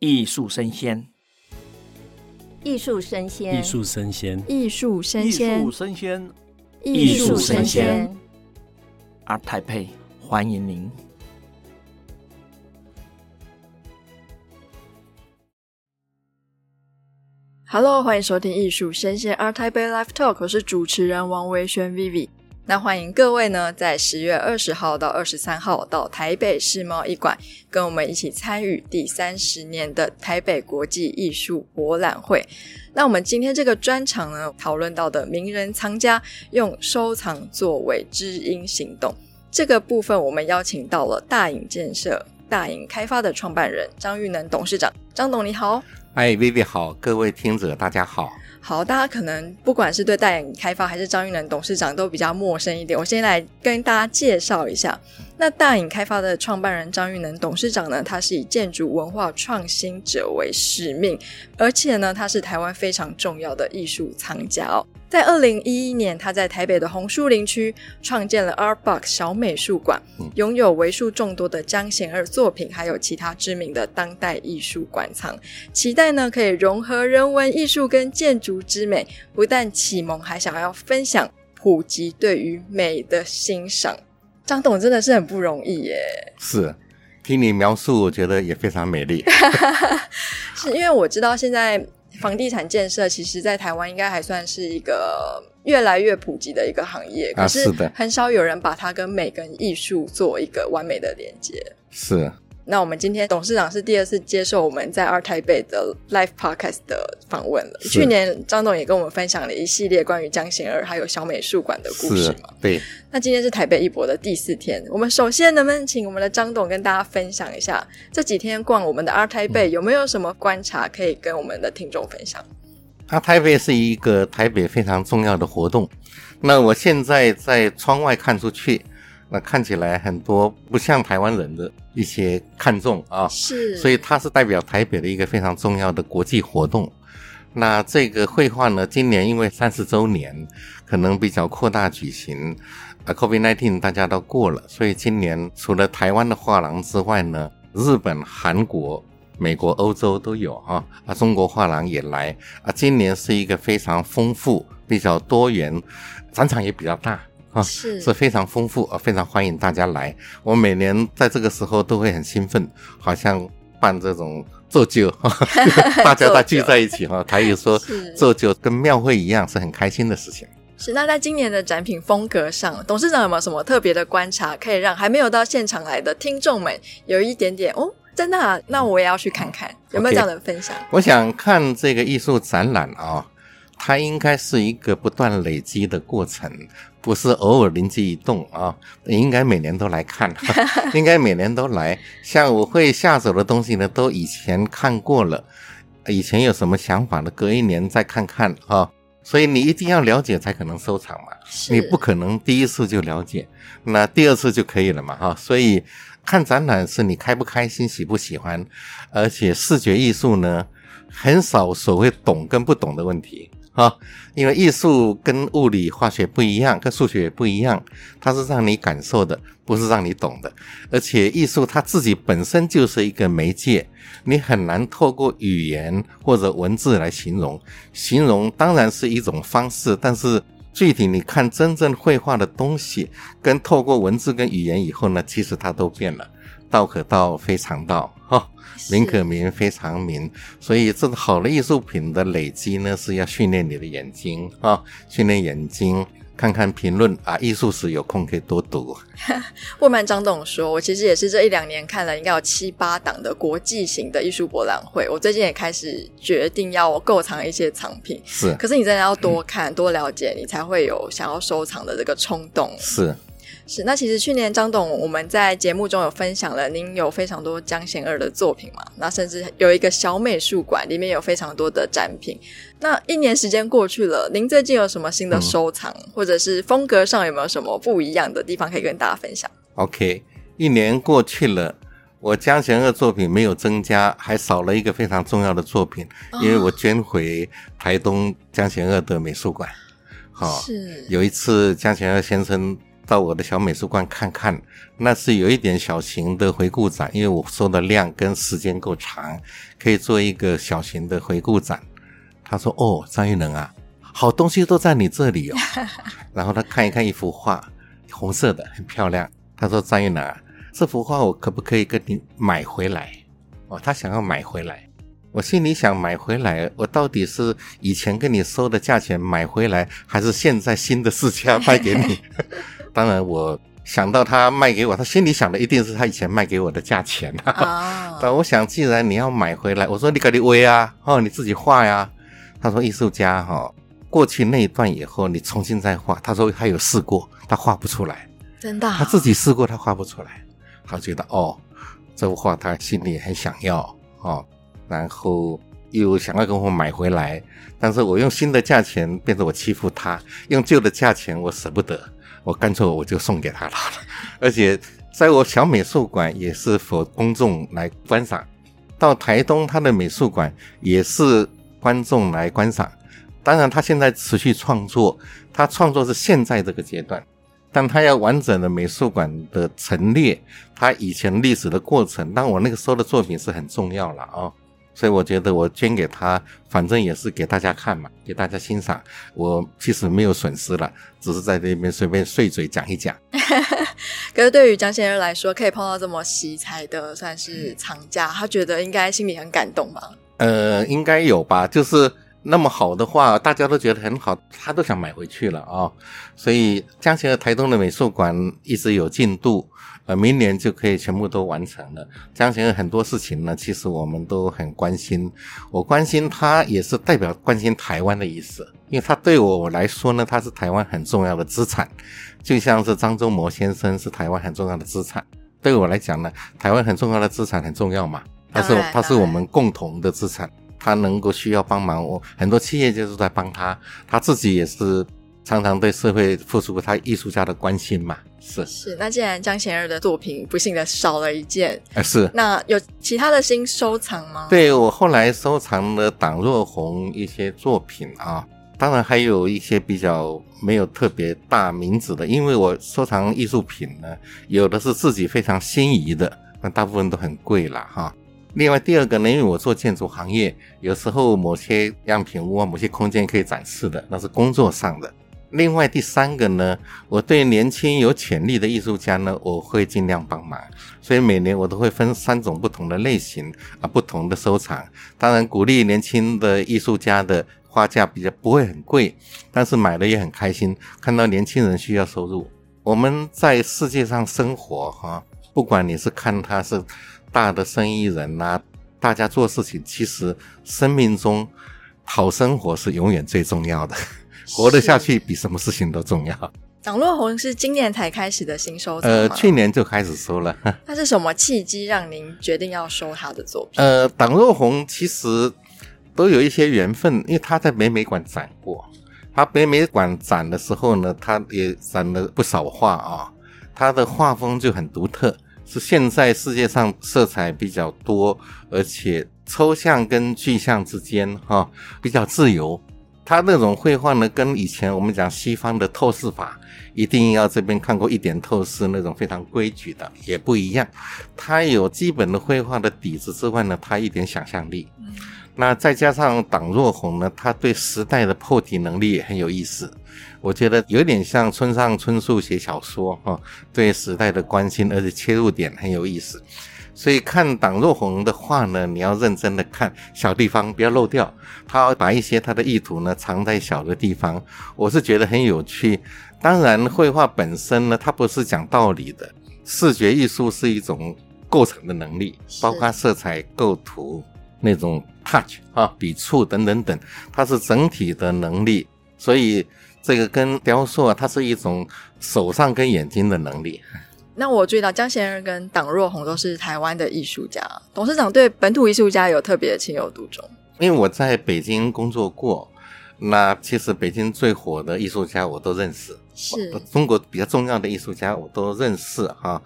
藝術聲鮮，藝術聲鮮，藝術聲鮮，藝術聲鮮，藝術聲鮮，Art Taipei，歡迎您。Hello，歡迎收聽《藝術聲鮮 Art Taipei Live Talk》，我是主持人王維軒 Vivi。那歡迎各位呢，在十月二十號到二十三號到台北世貿一館，跟我們一起參與第三十年的台北國際藝術博覽會。那我們今天這個專場呢，討論到的名人藏家用收藏作為知音行動這個部分，我們邀請到了大隱建設、大隱開發的創辦人張裕能董事長。張董你好，嗨，Vivi 好，各位聽者大家好，好，大家可能不管是對大隱開發還是張裕能董事長都比較陌生一點，我先來跟大家介紹一下，那大隱開發的創辦人張裕能董事長呢，他是以建築文化創新者為使命，而且呢，他是台灣非常重要的藝術藏家哦，在二零一一年，他在台北的紅樹林區創建了 Art Box 小美術館，擁有為數眾多的江賢二作品，還有其他知名的當代藝術館。館期待呢，可以融合人文藝術跟建築之美，不但啟蒙，還想要分享普及對於美的欣賞。張董真的是很不容易耶，是，聽你描述，我覺得也非常美麗。 是因為我知道現在房地產建設，其實在台灣應該還算是一個越來越普及的一個行業，可是很少有人把它跟美跟藝術做一個完美的連接。是。那我們今天董事長是第二次接受我們在 ART TAIPEI 的 Live Podcast 的訪問了。去年張董也跟我們分享了一系列關於江賢二還有小美術館的故事嘛。對。那今天是台北藝博的第四天，我們首先能不能請我們的張董跟大家分享一下這幾天逛我們的 ART TAIPEI，嗯、有沒有什麼觀察可以跟我們的聽眾分享？二、啊、台北是一個台北非常重要的活動。那我現在在窗外看出去，那看起來很多不像台灣人的。一些看重啊，是，所以它是代表台北的一個非常重要的國際活動。那這個繪畫呢，今年因為三十周年，可能比較擴大舉行。啊，COVID-19 大家都過了，所以今年除了台灣的畫廊之外呢，日本、韓國、美國、歐洲都有啊。啊，中國畫廊也來啊。今年是一個非常豐富、比較多元，展場也比較大。啊，是、哦、是非常豐富啊，非常歡迎大家來。我每年在這個時候都會很興奮，好像辦這種做醮，呵呵 大家在聚在一起哈，台語 也說是做醮跟廟會一樣，是很開心的事情。是那在今年的展品風格上，董事長有沒有什麼特別的觀察，可以讓還沒有到現場來的聽眾們有一點點哦？真的，那我也要去看看、嗯，有沒有這樣的分享？Okay. 我想看這個藝術展覽啊。嗯嗯它應該是一個不斷累積的過程，不是偶爾靈機一動啊、哦！應該每年都來看， 應該每年都來。像我會下手的東西呢，都以前看過了，以前有什麼想法的，隔一年再看看啊、哦。所以你一定要了解才可能收藏嘛，你不可能第一次就了解，那第二次就可以了嘛哈、哦。所以看展覽是你開不開心、喜不喜歡，而且視覺藝術呢，很少所謂懂跟不懂的問題。哈、啊，因為藝術跟物理、化學不一樣，跟數學也不一樣，它是讓你感受的，不是讓你懂的。而且藝術它自己本身就是一個媒介，你很難透過語言或者文字來形容。形容當然是一種方式，但是具體你看真正繪畫的東西，跟透過文字跟語言以後呢，其實它都變了。道可道，非常道；哈、哦，名可名，非常名。所以，這個好的藝術品的累積呢，是要訓練你的眼睛，哈、哦，訓練眼睛，看看評論啊。藝術史有空可以多讀。不 瞞張董說，我其實也是這一兩年看了，應該有七八檔的國際型的藝術博覽會。我最近也開始決定要購藏一些藏品。是，可是你真的要多看，嗯、多了解，你才會有想要收藏的這個衝動。是。是，那其實去年張董我們在節目中有分享了您有非常多江賢二的作品嘛，那甚至有一個小美術館裡面有非常多的展品。那一年時間過去了，您最近有什麼新的收藏，嗯、或者是風格上有沒有什麼不一樣的地方可以跟大家分享？OK，一年過去了，我江賢二作品沒有增加，還少了一個非常重要的作品，啊、因為我捐回台東江賢二的美術館。好、哦，是，有一次江賢二先生，到我的小美術館看看，那是有一點小型的回顧展，因為我收的量跟時間夠長，可以做一個小型的回顧展。他說：“哦，張裕能啊，好東西都在你這裡哦。 ”然後他看一看一幅畫，紅色的，很漂亮。他說：“張裕能啊，這幅畫我可不可以跟你買回來？”哦，他想要買回來。我心裡想，買回來我到底是以前跟你收的價錢買回來，還是現在新的市價賣給你？ 當然，我想到他賣給我，他心裡想的一定是他以前賣給我的價錢啊。Oh. 但我想，既然你要買回來，我說你可以微啊，哦，你自己畫呀、啊。他說藝術家哈，過去那一段以後，你重新再畫。他說他有試過，他畫不出來，真的，他自己試過，他畫不出來。他覺得哦，這幅畫他心裡很想要哦，然後又想要跟我買回來，但是我用新的價錢，變成我欺負他；用舊的價錢，我捨不得。我乾脆我就送給他了，而且在我小美術館也是否公眾來觀賞，到台東他的美術館也是觀眾來觀賞。當然，他現在持續創作，他創作是現在這個階段，但他要完整的美術館的陳列，他以前歷史的過程，當我那個時候的作品是很重要了啊、哦。所以我覺得我捐給他，反正也是給大家看嘛，給大家欣賞。我其實沒有損失了，只是在這邊隨便碎嘴講一講。 可是對於江先生來說，可以碰到這麼喜才的算是藏家、嗯。他覺得應該心裡很感動吧？呃，應該有吧，就是。那麼好的話，大家都覺得很好，他都想買回去了啊、哦。所以江賢二台東的美術館一直有進度，呃，明年就可以全部都完成了。江賢二很多事情呢，其實我們都很關心。我關心他，也是代表關心台灣的意思，因為他對我來說呢，他是台灣很重要的資產。就像是張忠謀先生是台灣很重要的資產，對我來講呢，台灣很重要的資產很重要嘛，他是他是我們共同的資產。他能夠需要幫忙，我很多企業就是在幫他，他自己也是常常對社會付出他藝術家的關心嘛。是是，那既然江賢二的作品不幸的少了一件、呃，是，那有其他的新收藏嗎？對，我後來收藏了黨若洪一些作品啊，當然還有一些比較沒有特別大名字的，因為我收藏藝術品呢，有的是自己非常心儀的，那大部分都很貴了哈、啊。另外第二個呢，因為我做建築行業，有時候某些樣品屋啊、某些空間可以展示的，那是工作上的。另外第三個呢，我對年輕有潛力的藝術家呢，我會儘量幫忙。所以每年我都會分三種不同的類型啊，不同的收藏。當然，鼓勵年輕的藝術家的花價比較不會很貴，但是買了也很開心，看到年輕人需要收入。我們在世界上生活哈、啊，不管你是看他是。大的生意人吶、啊，大家做事情，其實生命中，討生活是永遠最重要的，活得下去比什麼事情都重要。黨若洪是今年才開始的新收藏？呃，去年就開始收了。那是什麼契機讓您決定要收他的作品？呃，黨若洪其實都有一些緣分，因為他在北美館展過，他北美館展的時候呢，他也展了不少畫啊、哦，他的畫風就很獨特。是現在世界上色彩比較多，而且抽象跟具象之間哈、啊、比較自由。他那種繪畫呢，跟以前我們講西方的透視法，一定要這邊看過一點透視那種非常規矩的也不一樣。他有基本的繪畫的底子之外呢，他一點想象力。嗯那再加上黨若紅呢，他對時代的破題能力也很有意思，我覺得有點像村上春樹寫小說哈、哦，對時代的關心，而且切入點很有意思。所以看黨若紅的話呢，你要認真的看，小地方不要漏掉。他把一些他的意圖呢藏在小的地方，我是覺得很有趣。當然，繪畫本身呢，它不是講道理的，視覺藝術是一種構成的能力，包括色彩、構圖。那種 touch 啊，筆觸等等等，它是整體的能力，所以這個跟雕塑啊，它是一種手上跟眼睛的能力。那我注意到江賢二跟黨若洪都是台灣的藝術家，董事長對本土藝術家有特別的情有獨鍾。因為我在北京工作過，那其實北京最火的藝術家我都認識，是中國比較重要的藝術家我都認識啊，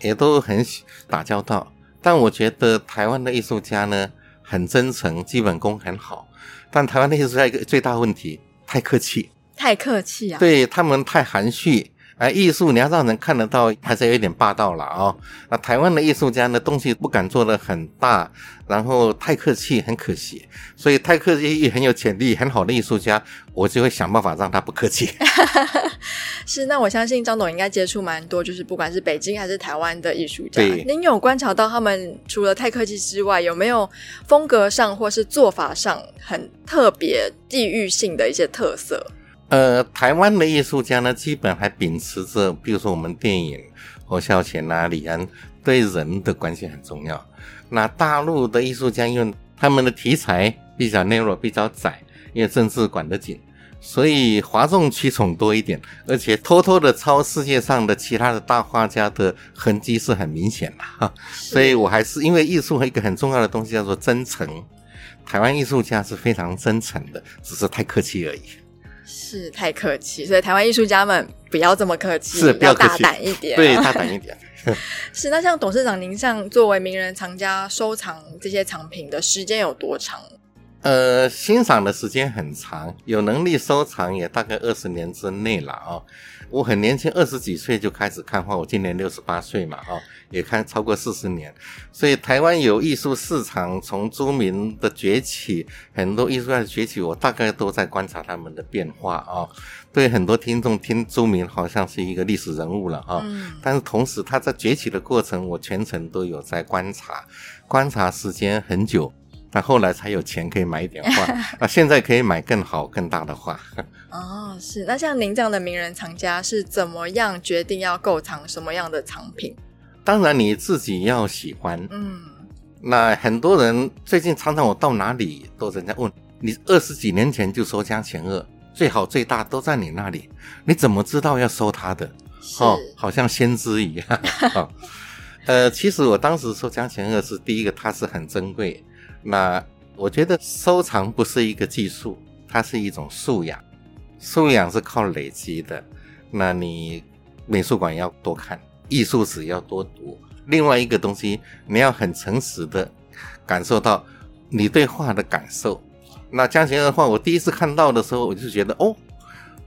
也都很打交道。但我覺得台灣的藝術家呢。很真誠，基本功很好，但台灣那些是一個最大問題，太客氣，太客氣啊，對，他們太含蓄。哎，藝術你要讓人看得到，還是有一點霸道了哦，那台灣的藝術家呢，東西不敢做得很大，然後太客氣，很可惜。所以太客氣很有潛力、很好的藝術家，我就會想辦法讓他不客氣。 是，那我相信張董應該接觸蠻多，就是不管是北京還是台灣的藝術家。對，您有觀察到他們除了太客氣之外，有沒有風格上或是做法上很特別、地域性的一些特色？呃，臺灣的藝術家呢，基本還秉持着，比如說我們電影，侯孝賢啊、李安，對人的關係很重要。那大陸的藝術家，因為他們的題材比較內容比較窄，因為政治管得緊，所以譁眾取寵多一點，而且偷偷的抄世界上的其他的大畫家的痕迹是很明顯的、啊。哈，所以我還是因為藝術有一個很重要的東西叫做真誠，臺灣藝術家是非常真誠的，只是太客氣而已。是太客氣，所以台灣藝術家們不要這麼客氣，是不要客氣，大膽一點、啊，對，大膽一點。 是那像董事長您，像作為名人藏家收藏這些藏品的時間有多長？呃，欣賞的時間很長，有能力收藏也大概二十年之內了啊、哦。我很年輕，二十幾歲就開始看畫，我今年六十八歲嘛，啊，也看超過四十年。所以台灣有藝術市場，從朱銘的崛起，很多藝術家的崛起，我大概都在觀察他們的變化啊、哦。對很多聽眾聽朱銘好像是一個歷史人物了啊、哦嗯，但是同時他在崛起的過程，我全程都有在觀察，觀察時間很久。那後來才有錢可以買一點畫啊， 現在可以買更好更大的畫。哦，是。那像您這樣的名人藏家是怎麼樣決定要購藏什麼樣的藏品？當然你自己要喜歡，嗯。那很多人最近常常我到哪裡都人家問你二十幾年前就收江賢二最好最大都在你那裡，你怎麼知道要收他的？哦，好像先知一樣、 哦。呃，其實我當時收江賢二是第一個，它是很珍貴。那我覺得收藏不是一個技術，它是一種素養，素養是靠累積的。那你美術館要多看，藝術史要多讀。另外一個東西，你要很誠實的感受到你對畫的感受。那江賢二的畫我第一次看到的時候，我就覺得哦，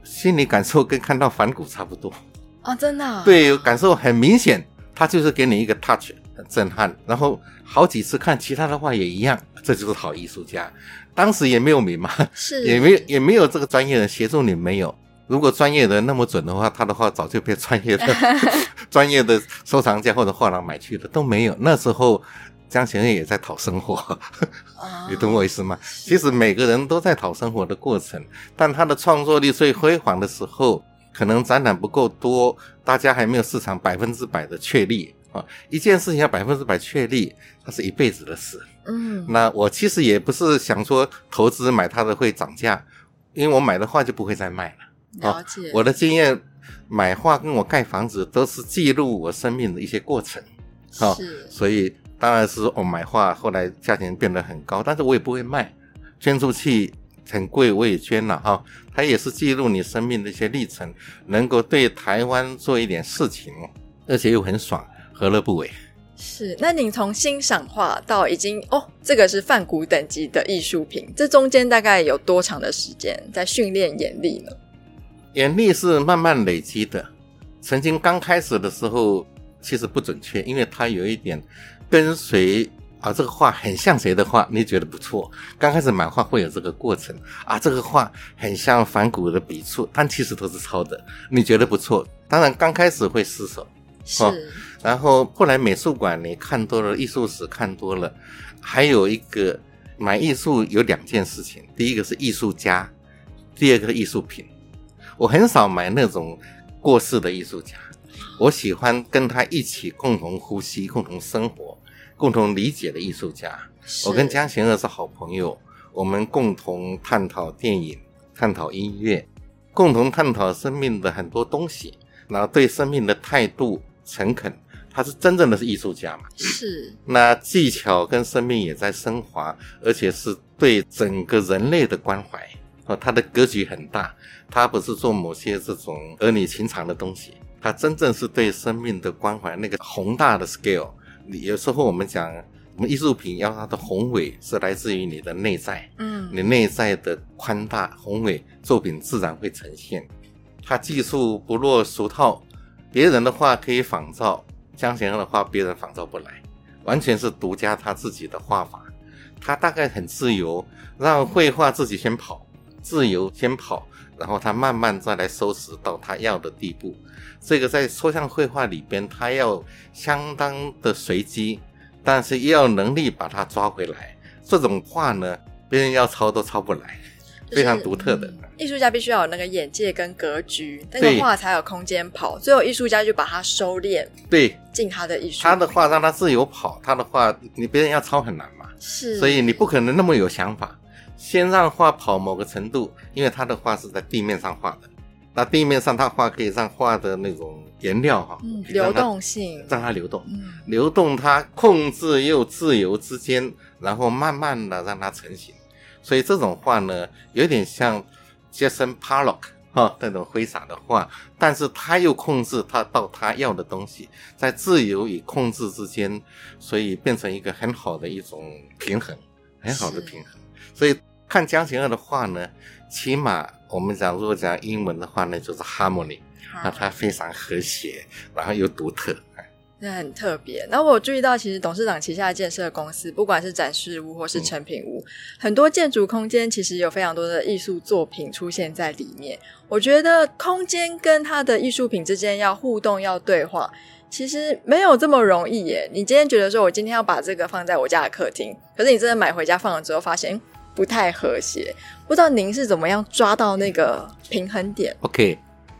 心裡感受跟看到梵谷差不多啊，真的啊。對，感受很明顯，它就是給你一個 touch。震撼，然後好幾次看其他的畫也一樣，這就是好藝術家。當時也沒有名嘛，也沒也沒有這個專業人協助你，你沒有。如果專業人那麼準的話，他的畫早就被專業的 專業的收藏家或者畫廊買去了，都沒有。那時候江賢二也在討生活， 你懂我意思嗎？其實每個人都在討生活的過程，但他的創作力最輝煌的時候，可能展覽不夠多，大家還沒有市場百分之百的確立。啊，一件事情要百分之百確立，它是一輩子的事。嗯，那我其實也不是想說投資買它的會漲價，因為我買的話就不會再賣了。啊，我的經驗，買畫跟我蓋房子都是記錄我生命的一些過程。是。哦，所以當然是我買畫，後來價錢變得很高，但是我也不會賣，捐出去很貴我也捐了哈，哦，它也是記錄你生命的一些歷程，能夠對台灣做一點事情，而且又很爽。何樂不為？是，那你從欣賞畫到已經哦，這個是梵谷等級的藝術品，這中間大概有多長的時間在訓練眼力呢？眼力是慢慢累積的。曾經剛開始的時候，其實不準確，因為它有一點跟隨啊，這個畫很像誰的畫，你覺得不錯。剛開始買畫會有這個過程啊，這個畫很像梵谷的筆觸，但其實都是抄的，你覺得不錯。當然剛開始會失手，是。哦然後後來美術館你看多了，藝術史看多了，還有一個買藝術有兩件事情，第一個是藝術家，第二個是藝術品。我很少買那種過世的藝術家，我喜歡跟他一起共同呼吸、共同生活、共同理解的藝術家。我跟江賢二是好朋友，我們共同探討電影、探討音樂、共同探討生命的很多東西，然後對生命的態度誠懇。他是真正的是藝術家嘛？是。那技巧跟生命也在昇華，而且是對整個人類的關懷啊！他的格局很大，他不是做某些這種兒女情長的東西，他真正是對生命的關懷。那個宏大的 scale，你有時候我們講，我們藝術品要它的宏偉是來自於你的內在，嗯，你內在的寬大宏偉，作品自然會呈現。他技術不落俗套，別人的話可以仿造。江賢二的畫，別人仿造不來，完全是獨家他自己的畫法。他大概很自由，讓繪畫自己先跑，自由先跑，然後他慢慢再來收拾到他要的地步。這個在抽象繪畫裡邊，他要相當的隨機，但是又要能力把他抓回來。這種畫呢，別人要抄都抄不來。就是、非常獨特的嗯、藝術家必須要有那個眼界跟格局，那個畫才有空間跑。最後藝術家就把它收斂，對，進他的藝術，他的畫讓他自由跑，他的畫你別人要抄很難嘛，是，所以你不可能那麼有想法。嗯、先讓畫跑某個程度，因為他的畫是在地面上畫的，那地面上他畫可以讓畫的那種顏料哈、嗯，流動性讓它流動，嗯，流動它控制又自由之間，然後慢慢的讓它成型。所以這種畫呢，有點像傑森帕洛克哈那種揮灑的畫，但是他又控制他到他要的東西，在自由與控制之間，所以變成一個很好的一種平衡，很好的平衡。所以看江賢二的畫呢，起碼我們講如果講英文的話呢，就是 harmony，那、Uh-huh. 它非常和諧，然後又獨特。那很特別。那我注意到，其實董事長旗下建設的建設公司，不管是展示屋或是成品屋，嗯。很多建築空間其實有非常多的藝術作品出現在裡面。我覺得空間跟它的藝術品之間要互動、要對話，其實沒有這麼容易耶。你今天覺得說我今天要把這個放在我家的客廳，可是你真的買回家放了之後，發現不太和諧。不知道您是怎麼樣抓到那個平衡點？嗯。OK。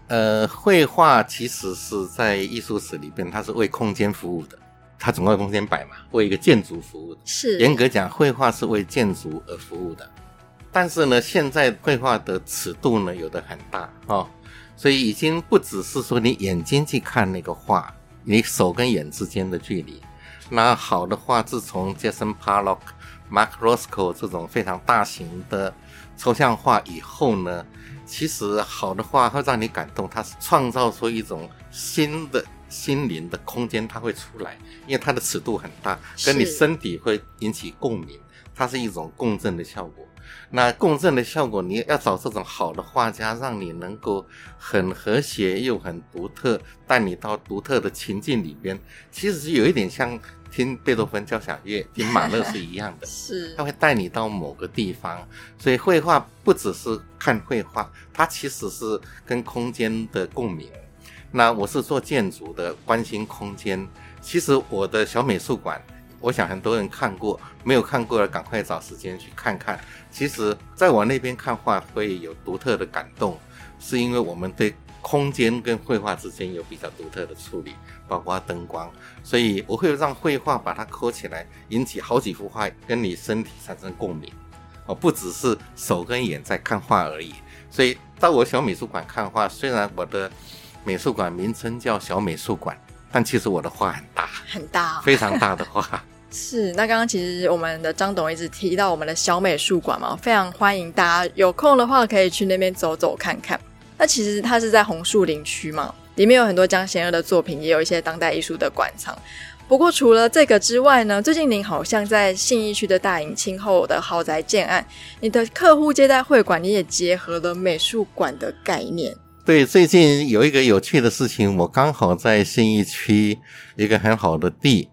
呃，繪畫其實是在藝術史裡邊，它是為空間服務的，它總要有空間擺嘛，為一個建築服務的。是，嚴格講，繪畫是為建築而服務的。但是呢，現在繪畫的尺度呢，有的很大哦，所以已經不只是說你眼睛去看那個畫，你手跟眼之間的距離。那好的畫，自從 Jackson Pollock、Mark Rothko 這種非常大型的。抽象化以後呢，其實好的畫會讓你感動，它創造出一種新的心靈的空間，它會出來，因為它的尺度很大，跟你身體會引起共鳴，是它是一種共振的效果。那共振的效果，你要找這種好的畫家，讓你能夠很和諧又很獨特，帶你到獨特的情境裡邊，其實是有一點像。聽貝多芬交響樂，聽馬勒是一樣的， 是他會帶你到某個地方，所以繪畫不只是看繪畫，它其實是跟空間的共鳴。那我是做建築的，關心空間。其實我的小美術館，我想很多人看過，沒有看過的趕快找時間去看看。其實在我那邊看畫會有獨特的感動，是因為我們對，空間跟繪畫之間有比較獨特的處理，包括燈光，所以我會讓繪畫把它扣起來，引起好幾幅畫跟你身體產生共鳴。我不只是手跟眼在看畫而已。所以到我小美術館看畫，雖然我的美術館名稱叫小美術館，但其實我的畫很大，很大，啊，非常大的畫。 是。那剛剛其實我們的張董一直提到我們的小美術館嘛，非常歡迎大家有空的話可以去那邊走走看看。那其實它是在紅樹林區嘛，裡面有很多江賢二的作品，也有一些當代藝術的館藏。不過除了這個之外呢，最近您好像在信義區的大隱青後的豪宅建案，你的客戶接待會館，你也結合了美術館的概念。對，最近有一個有趣的事情，我剛好在信義區一個很好的地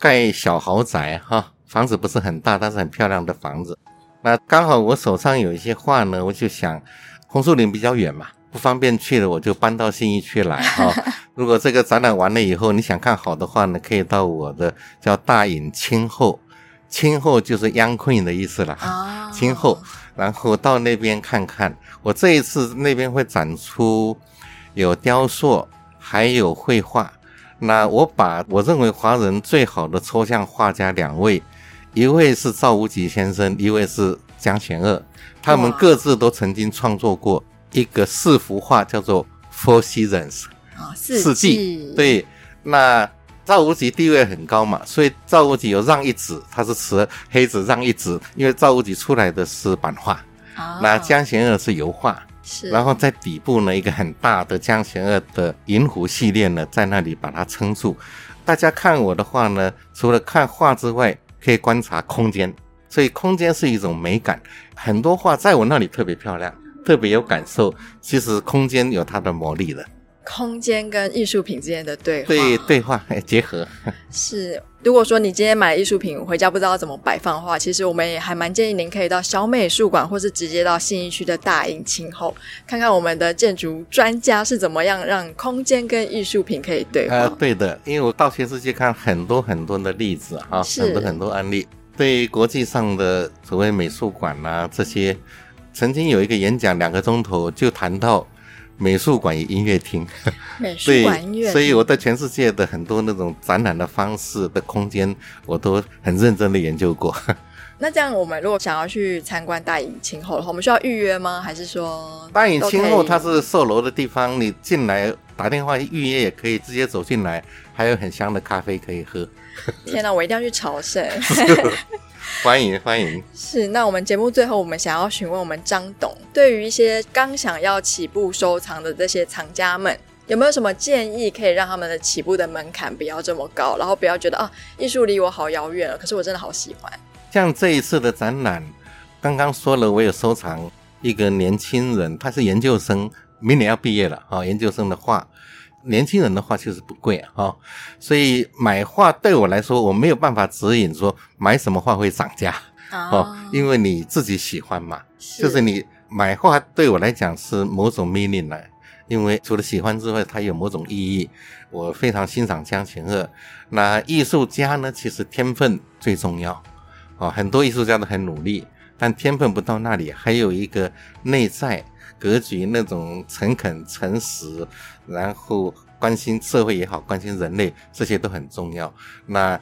蓋小豪宅哈、啊，房子不是很大，但是很漂亮的房子。那剛好我手上有一些畫呢，我就想紅樹林比較遠嘛。不方便去了，我就搬到信義區來啊。如果這個展覽完了以後，你想看好的話呢，可以到我的叫大隱青後，青後就是 young queen 的意思了啊。青後，然後到那邊看看。我這一次那邊會展出有雕塑，還有繪畫。那我把我認為華人最好的抽象畫家兩位，一位是趙無極先生，一位是江賢二，他們各自都曾經創作過。一個四幅畫叫做 Four Seasons，啊，四季。對，那趙無極地位很高嘛，所以趙無極有讓一子，他是持黑子讓一子，因為趙無極出來的是版畫，哦，那江賢二是油畫，是，然後在底部呢，一個很大的江賢二的銀湖系列呢，在那裡把它撐住。大家看我的畫呢，除了看畫之外，可以觀察空間，所以空間是一種美感。很多畫在我那裡特別漂亮。特別有感受，其實空間有它的魔力的，空間跟藝術品之間的對話，對，對話結合是，如果說你今天買藝術品回家不知道怎麼擺放的話，其實我們也還蠻建議您可以到小美術館，或是直接到信義區的大隱青後，看看我們的建築專家是怎麼樣讓空間跟藝術品可以對話。呃，對的，因為我到全世界看很多很多的例子啊，很多很多案例，對國際上的所謂美術館啊這些。曾經有一個演講，兩個鐘頭就談到美術館與音樂廳，美術館音樂廳，所以 所以我在全世界的很多那種展覽的方式的空間，我都很認真的研究過。那這樣我們如果想要去參觀大隱青後的話，我們需要預約嗎？還是說大隱青後它是售樓的地方？你進來打電話預約也可以，直接走進來，還有很香的咖啡可以喝。 天哪、啊，我一定要去朝聖。 歡迎歡迎，是，那我們節目最後，我們想要詢問我們張董，對於一些剛想要起步收藏的這些藏家們，有沒有什麼建議可以讓他們的起步的門檻不要這麼高，然後不要覺得啊，藝術離我好遙遠了，可是我真的好喜歡。像這一次的展覽，剛剛說了，我有收藏一個年輕人，他是研究生，明年要畢業了啊、哦，研究生的畫。年輕人的話確實不貴啊、哦，所以買畫對我來說，我沒有辦法指引說買什麼畫會漲價哦，哦，因為你自己喜歡嘛，就是你買畫對我來講是某種 meaning 呢，因為除了喜歡之外，它有某種意義。我非常欣賞江賢二，那藝術家呢，其實天分最重要啊、哦，很多藝術家都很努力，但天分不到那裡，還有一個內在。格局那種誠懇、誠實，然後關心社會也好，關心人類，這些都很重要。那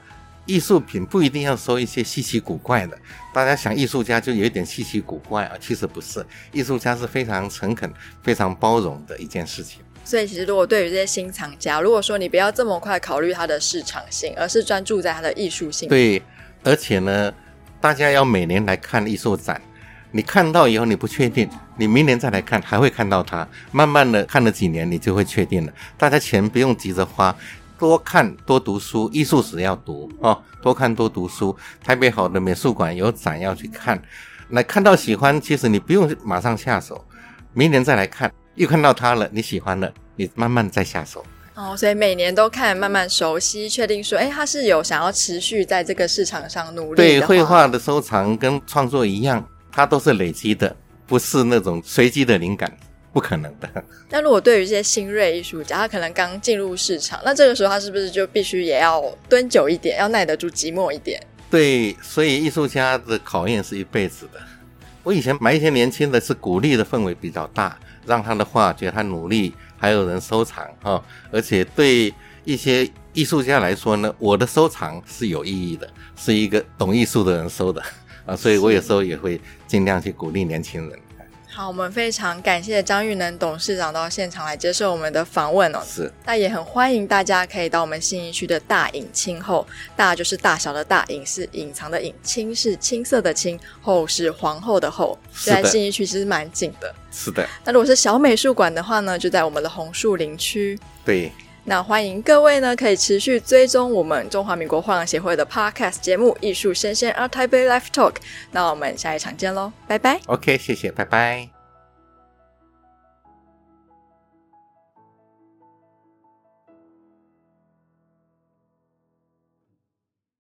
藝術品不一定要說一些稀奇古怪的。大家想，藝術家就有一點稀奇古怪啊？其實不是，藝術家是非常誠懇、非常包容的一件事情。所以，其實如果對於這些新藏家，如果說你不要這麼快考慮它的市場性，而是專注在它的藝術性。對，而且呢，大家要每年來看藝術展，你看到以後，你不確定。你明年再來看，還會看到它。慢慢的看了幾年，你就會確定了。大家錢不用急着花，多看多讀書，藝術史要讀啊，哦。多看多讀書，台北好的美術館有展要去看。那看到喜歡，其實你不用馬上下手，明年再來看，又看到它了，你喜歡了，你慢慢再下手。哦，oh，所以每年都看，慢慢熟悉，確定說，哎，欸，它是有想要持續在這個市場上努力。對，繪畫的收藏跟創作一樣，它都是累積的。不是那種隨機的靈感，不可能的。那如果對於一些新銳藝術家，他可能剛進入市場，那這個時候他是不是就必須也要蹲久一點，要耐得住寂寞一點？對，所以藝術家的考驗是一輩子的。我以前買一些年輕的，是鼓勵的氛圍比較大，讓他的畫，覺得他努力，還有人收藏哈、哦，而且對一些藝術家來說呢，我的收藏是有意義的，是一個懂藝術的人收的。啊，所以我有時候也會盡量去鼓勵年輕人。好，我們非常感謝張裕能董事長到現場來接受我們的訪問哦。是。那也很歡迎大家可以到我們信義區的大隱青後，大就是大小的大隱，隱是隱藏的隱，青是青色的青，後是皇後的後。在信義區其實蠻近的。是的。那如果是小美術館的話呢，就在我們的紅樹林區。對。那歡迎各位呢，可以持續追蹤我們中華民國畫廊協會的 Podcast 節目《藝術聲鮮 ART TAIPEI Live Talk》。那我們下一場見嘍，拜拜。OK，謝謝，拜拜。